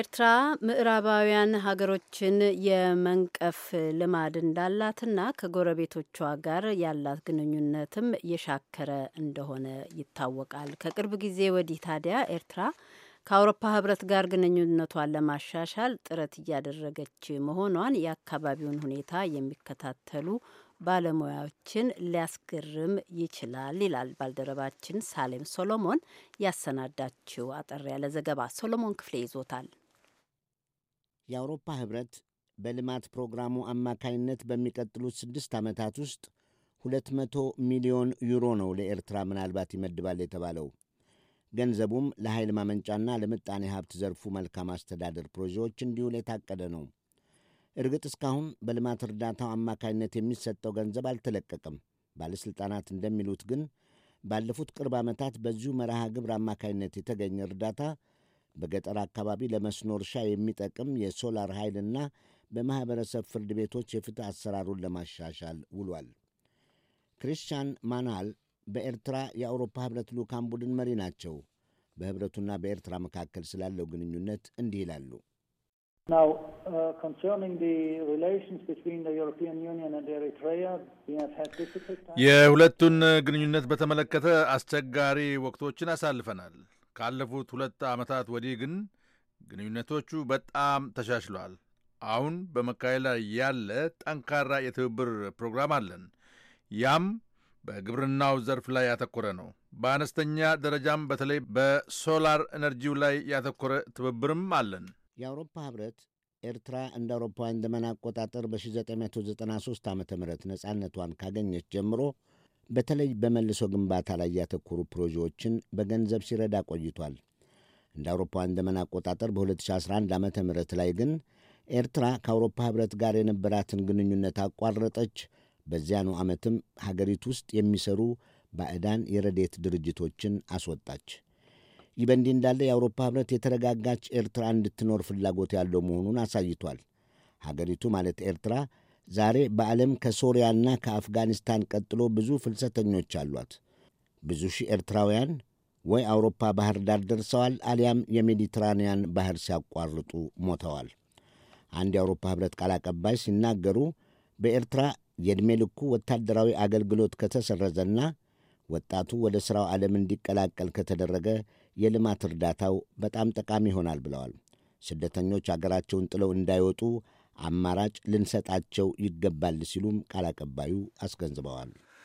ኤርትራ ምዕራባውያን ሀገሮችን የመንቀፍ ልማድ እንዳላትና ከጎረቤቶቿ ጋር ያላት ግንኙነትም የሻከረ እንደሆነ ይታወቃል። ከቅርብ ጊዜ ወዲህ ታዲያ ኤርትራ ከአውሮፓ ህብረት ጋር ግንኙነቷን ለማሻሻል ጥረት እያደረገች መሆኗን የአካባቢውን ሁኔታ የሚከታተሉ ባለሙያዎችን ሊያስገርም ይችላል ይላል ባልደረባችን ሳሌም ሶሎሞን ያሰናዳችው አጠር ያለ ዘገባ። ሶሎሞን ክፍሌ ይዞታል። የአውሮፓ ኅብረት በልማት ፕሮግራሙ አማካይነት በሚቀጥሉት ስድስት ዓመታት ውስጥ 200 ሚሊዮን ዩሮ ነው ለኤርትራ ምናልባት ይመድባል የተባለው። ገንዘቡም ለኃይል ማመንጫና ለምጣኔ ሀብት ዘርፉ መልካም አስተዳደር ፕሮጀዎች እንዲውል የታቀደ ነው። እርግጥ እስካሁን በልማት እርዳታው አማካይነት የሚሰጠው ገንዘብ አልተለቀቅም። ባለሥልጣናት እንደሚሉት ግን ባለፉት ቅርብ ዓመታት በዚሁ መርሃ ግብር አማካይነት የተገኘ እርዳታ በገጠር አካባቢ ለመስኖ እርሻ የሚጠቅም የሶላር ኃይልና በማኅበረሰብ ፍርድ ቤቶች የፍትሕ አሰራሩን ለማሻሻል ውሏል። ክሪስቲያን ማናል በኤርትራ የአውሮፓ ኅብረት ልዑካን ቡድን መሪ ናቸው። በኅብረቱና በኤርትራ መካከል ስላለው ግንኙነት እንዲህ ይላሉ። uh, የሁለቱን ግንኙነት በተመለከተ አስቸጋሪ ወቅቶችን አሳልፈናል። ካለፉት ሁለት ዓመታት ወዲህ ግን ግንኙነቶቹ በጣም ተሻሽለዋል። አሁን በመካሄድ ላይ ያለ ጠንካራ የትብብር ፕሮግራም አለን። ያም በግብርናው ዘርፍ ላይ ያተኮረ ነው። በአነስተኛ ደረጃም በተለይ በሶላር ኤነርጂው ላይ ያተኮረ ትብብርም አለን። የአውሮፓ ህብረት ኤርትራ እንደ አውሮፓውያን ዘመን አቆጣጠር በ1993 ዓ ም ነጻነቷን ካገኘች ጀምሮ በተለይ በመልሶ ግንባታ ላይ ያተኮሩ ፕሮጀዎችን በገንዘብ ሲረዳ ቆይቷል። እንደ አውሮፓውያን ዘመን አቆጣጠር በ2011 ዓ ም ላይ ግን ኤርትራ ከአውሮፓ ኅብረት ጋር የነበራትን ግንኙነት አቋረጠች። በዚያኑ ዓመትም ሀገሪቱ ውስጥ የሚሰሩ ባዕዳን የረዴት ድርጅቶችን አስወጣች። ይህ በእንዲህ እንዳለ የአውሮፓ ኅብረት የተረጋጋች ኤርትራ እንድትኖር ፍላጎት ያለው መሆኑን አሳይቷል። ሀገሪቱ ማለት ኤርትራ ዛሬ በዓለም ከሶሪያና ከአፍጋኒስታን ቀጥሎ ብዙ ፍልሰተኞች አሏት። ብዙ ሺህ ኤርትራውያን ወይ አውሮፓ ባህር ዳር ደርሰዋል አሊያም የሜዲትራንያን ባህር ሲያቋርጡ ሞተዋል። አንድ የአውሮፓ ኅብረት ቃል አቀባይ ሲናገሩ በኤርትራ የዕድሜ ልኩ ወታደራዊ አገልግሎት ከተሰረዘና ወጣቱ ወደ ሥራው ዓለም እንዲቀላቀል ከተደረገ የልማት እርዳታው በጣም ጠቃሚ ይሆናል ብለዋል። ስደተኞች አገራቸውን ጥለው እንዳይወጡ አማራጭ ልንሰጣቸው ይገባል ሲሉም ቃል አቀባዩ አስገንዝበዋል።